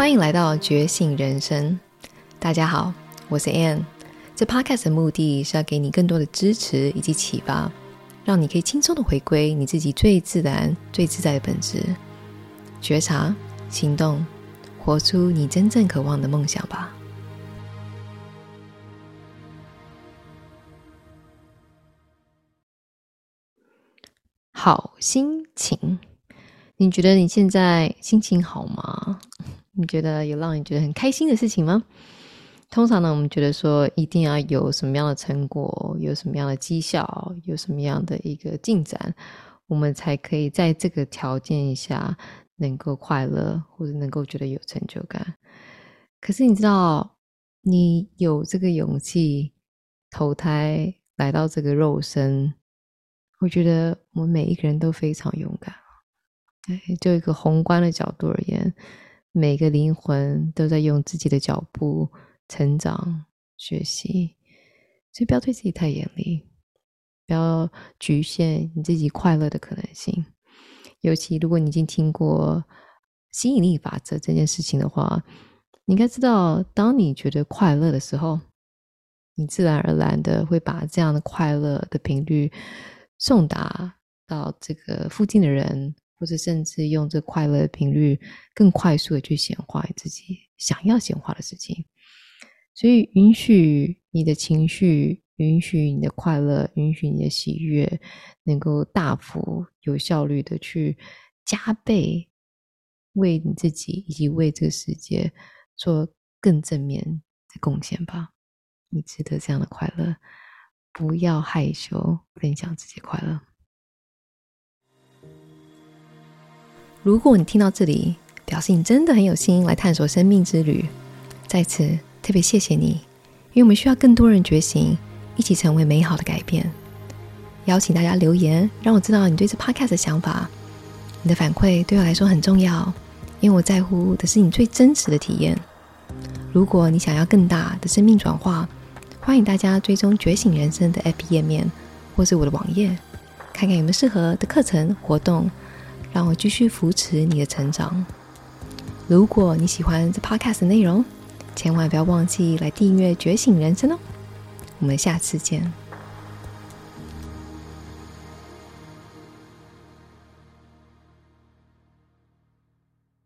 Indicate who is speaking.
Speaker 1: 歡迎來到覺醒人生，大家好，我是 Ann。這 Podcast 的目的是要給你更多的支持以及啟發，讓你可以輕鬆的回歸你自己最自然、最自在的本質，覺察、行動，活出你真正渴望的夢想吧。好心情。你覺得你現在心情好嗎？你覺得有讓你覺得很開心的事情嗎？通常呢，我們覺得說一定要有什麼樣的成果，有什麼樣的績效，有什麼樣的一個進展，我們才可以在這個條件下能夠快樂，或者能夠覺得有成就感。可是你知道，你有這個勇氣投胎來到這個肉身，我覺得我們每一個人都非常勇敢。對，就一個宏觀的角度而言，每個靈魂都在用自己的腳步成長學習，所以不要對自己太嚴厲，不要局限你自己快樂的可能性。尤其如果你已經聽過吸引力法則這件事情的話，你應該知道，當你覺得快樂的時候，你自然而然的會把這樣的快樂的頻率送達到這個附近的人。或者甚至用這快樂的頻率，更快速的去顯化你自己想要顯化的事情，所以允許你的情緒，允許你的快樂，允許你的喜悅，能夠大幅有效率的去加倍，為你自己以及為這個世界做更正面的貢獻吧。你值得這樣的快樂，不要害羞分享自己快樂。如果你聽到這裡，表示你真的很有心來探索生命之旅，在此特別謝謝你，因為我們需要更多人覺醒，一起成為美好的改變。邀請大家留言，讓我知道你對這 podcast 的想法。你的反饋對我來說很重要，因為我在乎的是你最真實的體驗。如果你想要更大的生命轉化，歡迎大家追蹤覺醒人生的 app 頁面，或是我的網頁，看看有沒有適合的課程、活動。讓我繼續扶持你的成長。如果你喜歡這 podcast 的內容，千萬不要忘記來訂閱《覺醒人生》哦。我們下次見。